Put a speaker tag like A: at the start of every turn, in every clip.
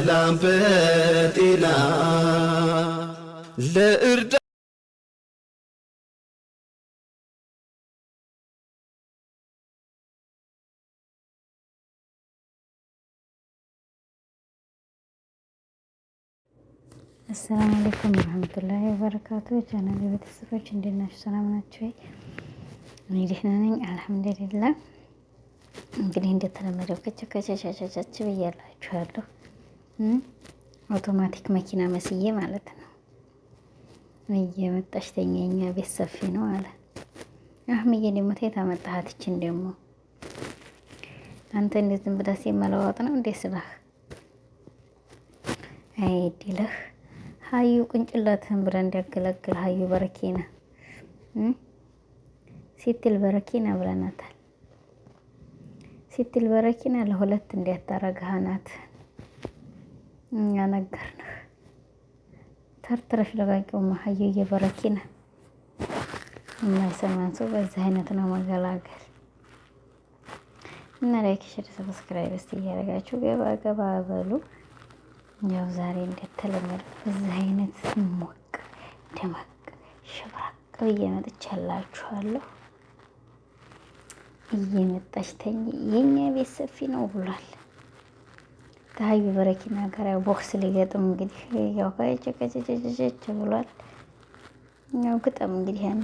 A: በሰላም በጤና
B: ለእርዳ አሰላሙ አለይኩም ወረህመቱላሂ ወበረካቱ። ቻናል የቤተሰቦች እንዴት ናችሁ? ሰላም ናችሁ ወይ? እኔ ደህና ነኝ አልሐምዱሊላህ። እንግዲህ እንደተለመደው ከቸ ከቸ ቻቻቻች ብያላችኋለሁ። አውቶማቲክ መኪና መስዬ ማለት ነው። እየመጣሽ ተኛ፣ የኛ ቤት ሰፊ ነው አለ አህምዬ። ደግሞ ተይ ታመጣሃት ይችን ደግሞ አንተ እንዴት ዝም ብለህ ሲመለዋወጥ ነው እንዴ ስራህ? አይ ዲለህ ሀዩ ቁንጭላትህን ብለህ እንዲያገለግል ሀዩ በረኪና ሲትል በረኪና ብለናታል። ሲትል በረኪና ለሁለት እንዲያታረግህ ናት እኛ ነገርንህ ተርትረሽ ደጋቂው መሀየ እየበረኪነ የማይሰማን ሰው በዚህ አይነት ነው መገላገል እና ላይክ፣ ሸር፣ ሰብስክራይብ እስቲ እያደረጋችሁ ገባ ገባ በሉ። ያው ዛሬ እንደተለመደው በዚህ አይነት ሞቅ ደመቅ ሽብራቅ ብዬ መጥቻላችኋለሁ። እየመጣች ተኝ የኛ ቤት ሰፊ ነው ብሏል። ከሀዩ በረኪና ጋር ያው ቦክስ ሊገጥም እንግዲህ ያው ከጨቀጨጨጨጨ ብሏል። ያው ግጠም እንግዲህ ያን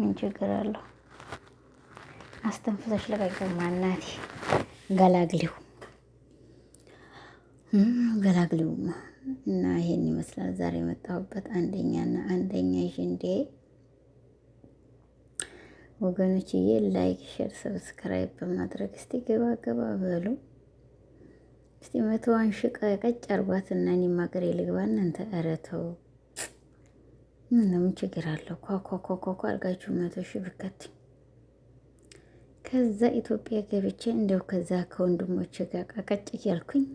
B: ምን ችግር አለው? አስተንፍሰሽ ለቀቀማ እናቴ ገላግሊው ገላግሊውማ እና ይሄን ይመስላል ዛሬ የመጣሁበት አንደኛና አንደኛ ዥንዴ ወገኖችዬ ላይክ ሼር ሰብስክራይብ በማድረግ እስቲ ገባ ገባ በሉ። እስቲ መቶዋን ሽቀ ቀጭ አርጓት እና እኔም አገሬ ልግባ። እናንተ ኧረ ተው፣ ምንም ችግር አለው። ኳኳኳኳኳ አርጋችሁ መቶ ሺ ብከት ከዛ ኢትዮጵያ ገብቼ እንደው ከዛ ከወንድሞቼ ጋር ቀጭ እያልኩኝ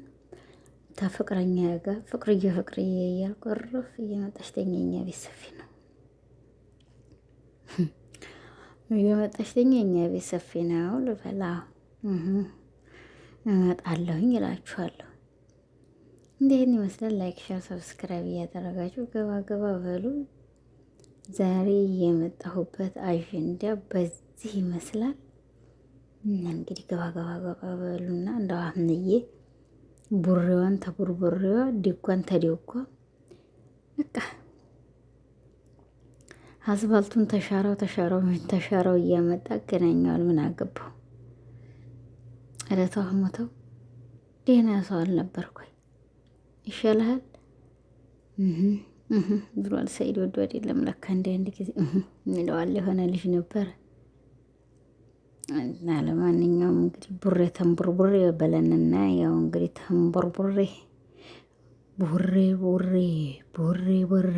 B: ታፍቅረኛ ጋር ፍቅርዬ ፍቅርዬ እያልኩ እርፍ እየመጣሽ ተኛ ቤት ሰፊ ነው እየመጣሽ ተኛ ቤት ሰፊ ነው ልበላ እመጣለሁኝ እላችኋለሁ። እንዲህን ይመስላል። ላይክ፣ ሸር፣ ሰብስክራይብ እያደረጋችሁ ገባ ገባ በሉ። ዛሬ የመጣሁበት አጀንዳ በዚህ ይመስላል። እንግዲህ ገባ ገባ ገባ በሉና እንደ አህምዬ ቡሬዋን ተቡርቡሬዋ ዲጓን ተዲጓ በቃ አስፋልቱን ተሻራው ተሻራው ተሻራው እያመጣ አገናኘዋል። ምን አገባው? እለቷ ሞተው ደህና ሰው አልነበርኩኝ ይሻልሃል ብሏል ሰኢድ። ወድ አይደለም ለካ እንደ አንድ ጊዜ ይለዋል። የሆነ ልጅ ነበር። እና ለማንኛውም እንግዲህ ቡሬ ተንቡርቡሬ በለንና ያው እንግዲህ ተንቡርቡሬ ቡሬ ቡሬ ቡሬ ቡሬ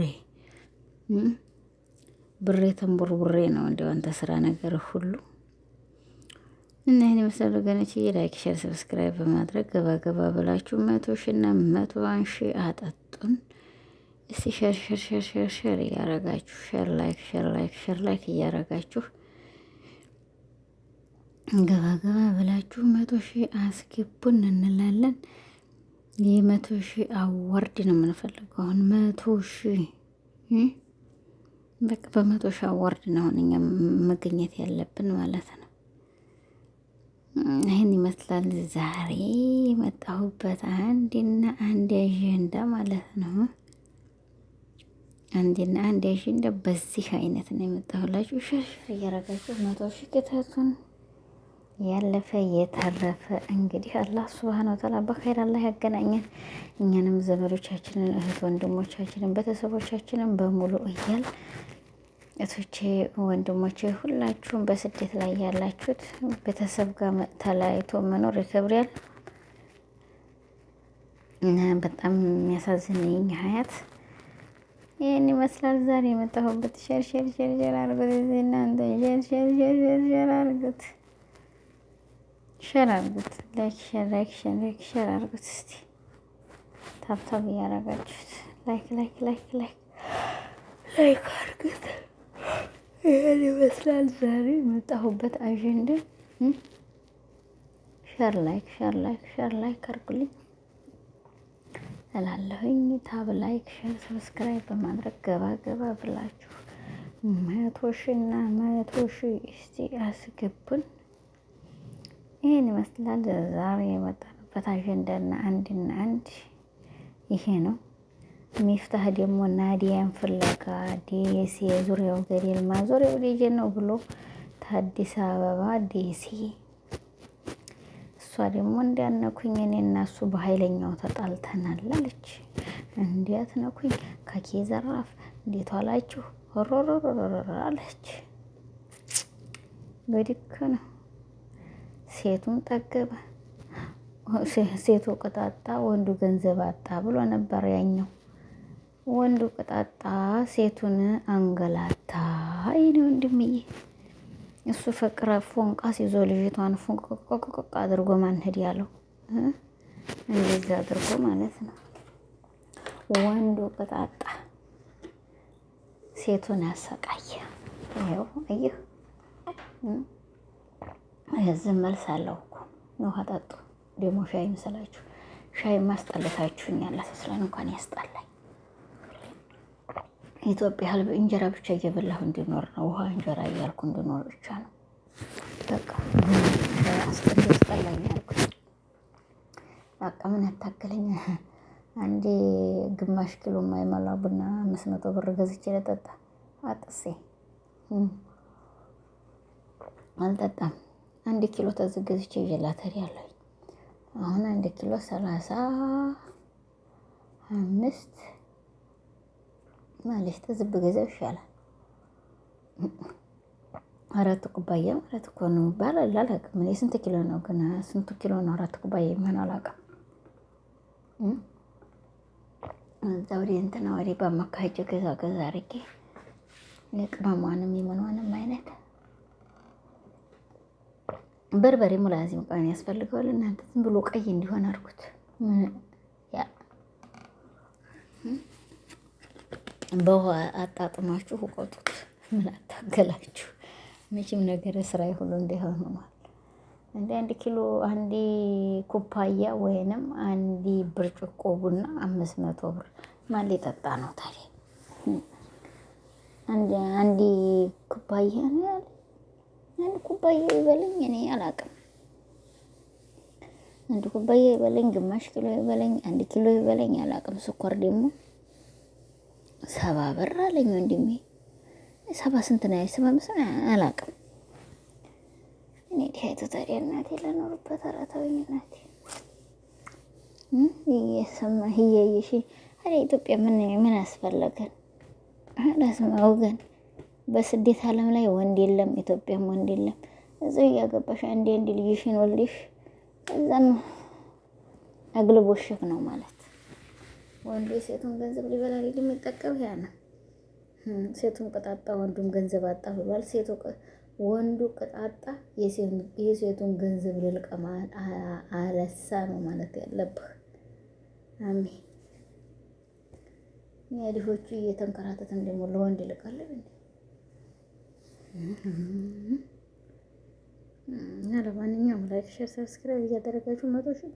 B: ብሬ ተንቡርቡሬ ነው እንደው አንተ ስራ ነገር ሁሉ እና ይህን የመሰሉ ወገኖች ላይክ፣ ሸር፣ ሰብስክራይብ በማድረግ ገባ ገባ ብላችሁ መቶ ሺና መቶ አንሺ አጠጡን። እስቲ ሸር ሸር ሸር ሸር ሸር እያረጋችሁ ሸር ላይክ ሸር ላይክ ሸር ላይክ እያረጋችሁ ገባ ገባ ብላችሁ መቶ ሺ አስገቡን እንላለን። ይህ መቶ ሺ አዋርድ ነው የምንፈልገው። አሁን መቶ ሺ በቃ በመቶ ሺ አዋርድ ነው አሁን እኛ መገኘት ያለብን ማለት ነው። ይህን ይመስላል ዛሬ የመጣሁበት አንድና አንድ አጀንዳ ማለት ነው። አንድና አንድ አጀንዳ በዚህ አይነት ነው የመጣሁላችሁ። ሸር እያረጋችሁ መቶ ሺ ክተቱን ያለፈ የተረፈ እንግዲህ አላህ ስብሃነ ወተዓላ በኸይር አላህ ያገናኘን እኛንም ዘመዶቻችንን እህት ወንድሞቻችንን ቤተሰቦቻችንን በሙሉ እያል እቶቼ ወንድሞቼ ሁላችሁም በስደት ላይ ያላችሁት ቤተሰብ ጋር ተለያይቶ መኖር ይከብዳል። በጣም የሚያሳዝን ሀያት ይህን ይመስላል። ዛሬ የመጣሁበት ሸርሸርሸርሸር አርጉት፣ እናንተ ሸርሸርሸርሸር አርጉት፣ ሸር አርጉት፣ ላይክ ሸር ላይክ ሸር ላይክ ሸር አርጉት። እስቲ ታብታብ እያረጋችሁት ላይክ ላይክ ላይክ ላይክ ላይክ አርጉት። ይህን ይመስላል ዛሬ የመጣሁበት አጀንዳ። ሸር ላይክ ሸር ላይክ ሸር ላይክ አርጉልኝ እላለሁኝ። ታብ ላይክ ሸር ሰብስክራይብ በማድረግ ገባ ገባ ብላችሁ መቶ ሺ እና መቶ ሺ እስቲ አስገቡን። ይህን ይመስላል ዛሬ የመጣንበት አጀንዳና አንድና አንድ ይሄ ነው። ሚፍታህ ደግሞ ናዲያን ፍለጋ ዴሴ የዙሪያው ገደል ማዞሪያው ደጀን ነው ብሎ ታዲስ አበባ ዴሴ እሷ ደግሞ እንዲያነኩኝ እኔ እና እሱ በኃይለኛው ተጣልተናል አለች። ነኩኝ ከኬ ዘራፍ እንዴት ዋላችሁ ሮሮሮሮሮ አለች። በድክ ነው ሴቱን ጠገበ። ሴቱ ቅጣጣ ወንዱ ገንዘብ አጣ ብሎ ነበር ያኛው። ወንዱ ቅጣጣ ሴቱን አንገላታ። አይኔ ወንድምዬ እሱ ፍቅረ ፎንቃስ ይዞ ልጅቷን ፎንቆቆቆቆ አድርጎ ማንሄድ ያለው እንደዚህ አድርጎ ማለት ነው። ወንዱ ቅጣጣ ሴቱን ያሰቃየ። ይኸው አየህ፣ እዚህ መልስ አለው እኮ ውሃ ጠጡ። ደግሞ ሻይ ምስላችሁ ሻይ ማስጠልታችሁኛል። አስስለን እንኳን ያስጠላኝ የኢትዮጵያ ህልብ እንጀራ ብቻ እየበላሁ እንዲኖር ነው። ውሃ እንጀራ እያልኩ እንድኖር ብቻ ነው። በቃ አስጠላኝ ያልኩ በቃ ምን ያታክለኝ። አንዴ ግማሽ ኪሎ የማይሞላ ቡና አምስት መቶ ብር ገዝቼ ለጠጣ አጥሴ አልጠጣም። አንድ ኪሎ ተዝ ገዝቼ ይዤላተር አሁን አንድ ኪሎ ሰላሳ አምስት ማለሽ ተዝብ ገዛው ይሻላል። አራት ኩባያ ማለት እኮ ነው ይባላል። አላውቅም እኔ ኪሎ ነው ግን ስንቱ ኪሎ ነው አራት ኩባያ የሚሆን አላውቅም። እዛ ወደ እንትና ወደ በአማካጭ ገዛ ገዛ አድርጌ የቅመሟንም የምንሆንም አይነት በርበሬ ሙላዚም ቃን ያስፈልገዋል። እናንተ ዝም ብሎ ቀይ እንዲሆን አድርጉት። በውሃ አጣጥማችሁ ውቀጡት። ምን አታገላችሁ? መቼም ነገር ስራ ሁሉ እንዲሆን ሆኗል። እንደ አንድ ኪሎ አንድ ኩባያ ወይንም አንድ ብርጭቆ ቡና አምስት መቶ ብር ማን ሊጠጣ ነው ታዲያ? አንድ ኩባያ ነው ያለ አንድ ኩባያ ይበለኝ፣ እኔ አላቅም። አንድ ኩባያ ይበለኝ፣ ግማሽ ኪሎ ይበለኝ፣ አንድ ኪሎ ይበለኝ፣ አላቅም። ስኳር ደግሞ ሰባ ብር አለኝ ወንድሜ። ሰባ ስንት ነው? ሰባ ምስም አላቅም። እኔ ዲህ አይቶ ታዲያ እናቴ ለኖሩበት አራታዊ እናቴ እየሰማ እያየሽ አደ ኢትዮጵያ ምን ምን አስፈለገን? ራስም አውገን በስደት ዓለም ላይ ወንድ የለም፣ ኢትዮጵያም ወንድ የለም። እዚሁ እያገባሽ አንዴ አንድ ልጅሽን ወልድሽ እዛም አግልቦሽክ ነው ማለት ወንዱ የሴቱን ገንዘብ ሊበላ የሚጠቀም ያ ነው። ሴቱን ቅጣጣ ወንዱም ገንዘብ አጣ ብሏል። ሴቱ ወንዱ ቅጣጣ የሴቱን ገንዘብ ልልቀማ አለሳ ነው ማለት ያለብህ። አሜን። የድሆቹ እየተንከራተትን ደግሞ ለወንድ ይልቃል እና ለማንኛውም ላይክ፣ ሼር፣ ሰብስክራይብ እያደረጋችሁ መቶ ሺህ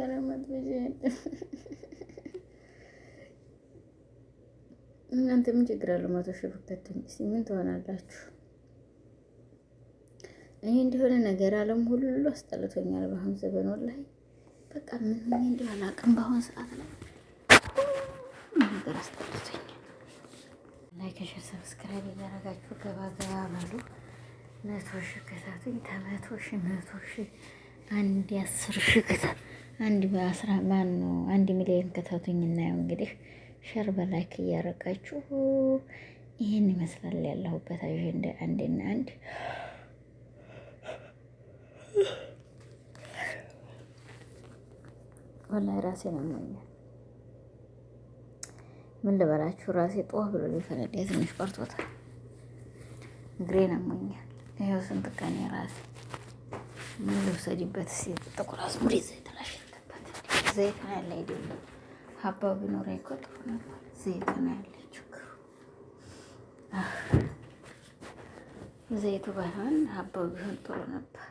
B: ያለመጥ እናንተ ምን ችግር አለው? መቶ ሺህ ብከተኝ እስቲ ምን ትሆናላችሁ? እኔ እንደሆነ ነገር አለም ሁሉ አስጠልቶኛል። በአሁን ዘበን ላይ በቃ ምን ምን እንደሆነ አላውቅም። በአሁን ሰዓት ላይ ነገር አስጠልቶኛል። ላይክ፣ ሸር ሰብስክራይብ እያደረጋችሁ ገባ ገባ በሉ። መቶ ሺህ ከታቱኝ። ተመቶ ሺህ መቶ ሺህ አንድ አስር ሺህ ከታ አንድ በአስራ ማን ነው አንድ ሚሊዮን ከታቱኝ። እናየው እንግዲህ ሸር በላይክ እያረጋችሁ ይህን ይመስላል ያለሁበት አጀንዳ አንድና አንድ ወላሂ ራሴ ነመኛል። ምን ልበላችሁ ራሴ ጦህ ብሎ ሊፈነዳ ትንሽ ቀርቶታል። እግሬ ነመኛል። ይኸው ስንት ቀን ራሴ ምን ልውሰድበት? ሴት ጥቁር አዝሙድ ዘይት ላሸተበት ዘይት ያለ አይደለም ካባ ቢኖር አይቆጥሩ ነበር። ዘይት ነው ያለ ችግሩ። ዘይቱ ባይሆን ሀባው ቢሆን ጥሩ ነበር።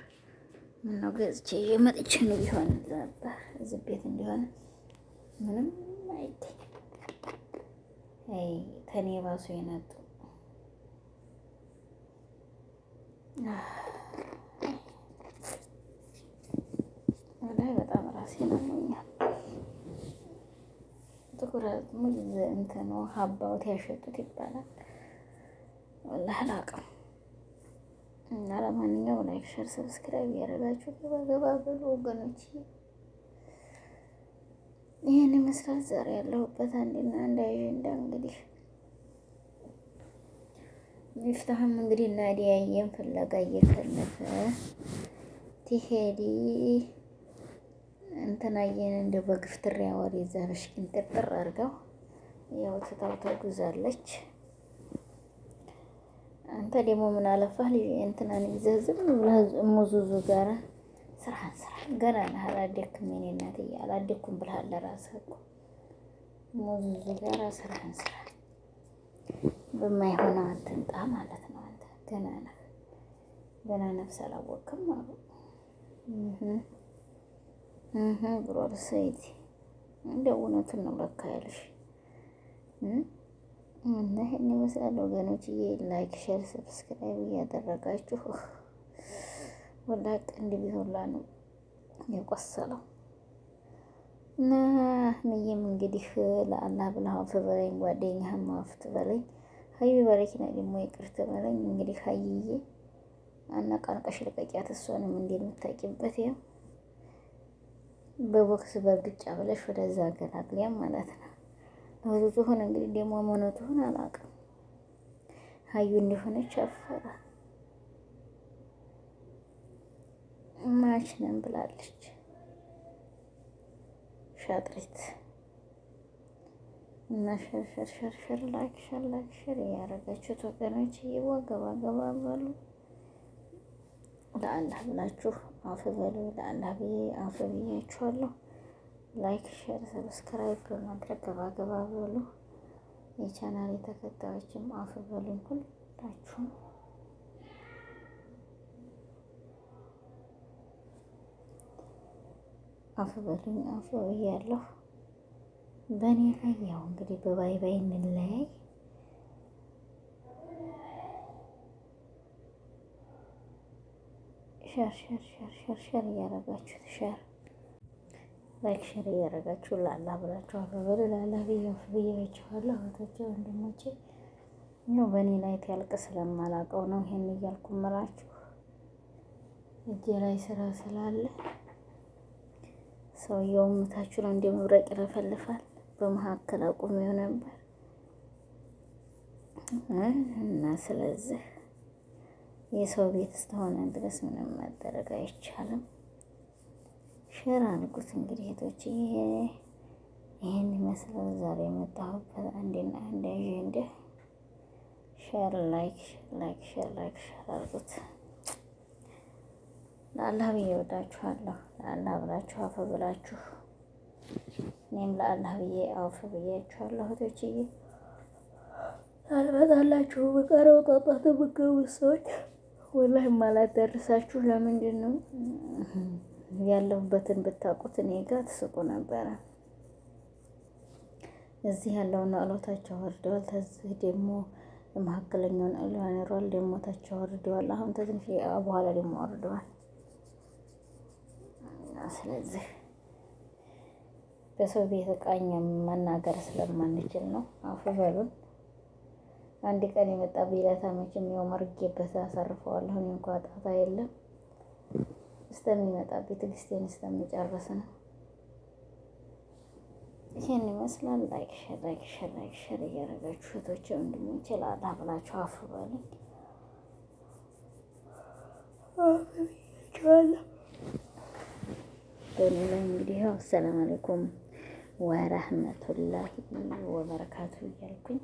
B: ምነው ገዝቼ የመጥቼ ነው ቢሆን ነበር። እዚ ቤት እንዲሆን ምንም አይት አይ ከኔ ባሱ የነጡ በላይ በጣም ራሴ ነው ትኩረት ሙዝ እንትኑ ሀባውት ያሸጡት ይባላል። ወላሂ አላውቅም። እና ለማንኛውም ላይክ፣ ሸር፣ ሰብስክራይብ ያደረጋችሁ ገባ ገባ ብሎ ወገኖች ይህን ይመስላል ዛሬ ያለሁበት አንድና አንድ አጀንዳ እንግዲህ ሚፍታህም እንግዲህ እና ዲያየን ፍለጋ እየፈለፈ ቲሄዲ እንትናየን እንደ በግፍትር ያወር የዛረሽ ቅንጥርጥር አድርገው ያው ትታው ተጉዛለች። አንተ ደግሞ ምን አለፋህ እንትናን ይዘህ ዝም ሙዙዙ ጋራ ስራህን ስራ ገና ነህ አላደክም የኔ እናትዬ አላደኩም ብለሃል ለራስህ እኮ ሙዙዙ ጋራ ስራህን ስራ በማይሆን አትንጣ ማለት ነው። አንተ ገና ነህ ገና ነፍስ አላወቅም አሉ ብሏል ሰይድ። እንደው እውነቱን ነው ለካ ያልሽ እና ይህን ይመስላል ወገኖችዬ። ላይክ፣ ሼር፣ ሰብስክራይብ እያደረጋችሁ ወላሂ ቀንድ ቢሆላ ነው የቆሰለው እና ምዬም እንግዲህ ለአላህ ብለህ አውፍ በለኝ፣ ጓደኛህም አውፍ ትበለኝ፣ ሀዩ በለችና ደግሞ ይቅር ትበለኝ። እንግዲህ ሀይዬ አናቃንቀሽ ልቀቂያት፣ እሷንም እንዲህ የምታቂበት ያው በቦክስ በእርግጫ ብለሽ ወደዛ ገላግሊያ ማለት ነው። እህቱ ትሁን እንግዲህ ደግሞ መኖ ትሁን አላውቅም። ሀዩ እንዲሆነች ማች ነን ብላለች። ሻጥሪት እና ሸርሸር ሸርሸርሸርሸር ላክሸር ላክሸር እያደረጋችሁት ወገኖች እየዋ ገባ ገባ በሉ ለአላህ ብላችሁ አፍ በሉ ለአላህ አፍ ብያችኋለሁ። ላይክ፣ ሸር፣ ሰብስክራይብ በማድረግ ገባገባ በሉ። የቻናሌ የተከታዮችም አፍ በሉኝ ሁላችሁም። አፍ በሉኝ አፍ ብያለሁ። በእኔ ላይ ያው እንግዲህ በባይ ባይ እንለያይ ሸር ሸር ሸር ሸር ሸር እያረጋችሁት ሸር ላይክ ሸር እያረጋችሁ ላላ ብላችሁ አበበሉ ላላ ብያፍ ብያችኋለሁ። እህቶቼ ወንድሞቼ፣ እኛው በእኔ ላይ ያልቅ ስለማላቀው ነው ይሄን እያልኩ ምላችሁ እጄ ላይ ስራ ስላለ ሰውየው እምታችሁ ነው እንደ መብረቅ ይረፈልፋል። በመሀከል አቁሜው ነበር እና ስለዚህ የሰው ቤት እስከሆነ ድረስ ምንም መደረግ አይቻልም። ሸር አድርጉት እንግዲህ እህቶች፣ ይህን ይመስላል ዛሬ የመጣሁበት አንዴና አንድ አጀንዳ። ሸር ላይክ ላይክ ሸር ላይክ ሸር አድርጉት። ለአላህ ብዬ ወዳችኋለሁ። ለአላህ ብላችሁ አፈ ብላችሁ እኔም ለአላህ ብዬ አውፍ ብያችኋለሁ እህቶችዬ። አልበዛላችሁ ብቀረው ጣጣት የምገቡት ሰዎች ወላሂ ማላደርሳችሁ ለምንድን ነው ያለሁበትን ብታውቁት እኔ ጋር ትስቁ ነበረ። እዚህ ያለውን አሎታቸው ወርደዋል። ተዚህ ደግሞ መካከለኛውን አሎዋኔሯል ደግሞ ታቸው ወርደዋል። አሁን ተትንሽ በኋላ ደግሞ ወርደዋል። ስለዚህ በሰው ቤት እቃኛ መናገር ስለማንችል ነው። አፉ በሉን። አንድ ቀን የመጣ ቢላታ መቼም ያው መርጌበት አሳርፈዋለሁ። እኔ እንኳ ጣታ የለም እስከሚመጣብኝ ትዕግስቴን እስከምጨርስ ነው። ይህን ይመስላል። ላይክ ሸር፣ ላይክ ሸር፣ ላይክ ሸር እያደረጋችሁ እህቶቼ ወንድሞቼ ላላ ብላችሁ አፍ በሉኝ በእኔ ላይ እንግዲህ ያው አሰላም አለይኩም ወረህመቱላሂ ወበረካቱ እያልኩኝ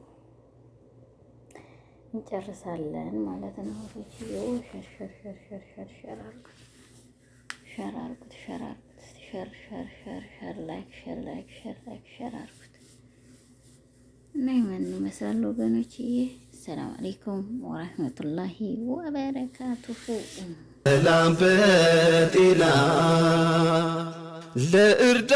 B: እንጨርሳለን ማለት ነው። ሩጂ ሸርሸርሸርሸርሸር አርጉት፣ ሸር አርጉት፣ ሸር አርጉት፣ ሸርሸርሸርሸር ላይክ ሸር ላይክ ሸር ላይክ ሸር አርጉት እና ይመን ይመስላል ወገኖች። ሰላም አለይኩም ወራህመቱላሂ ወበረካቱሁ። ሰላም በጤና ለእርዳ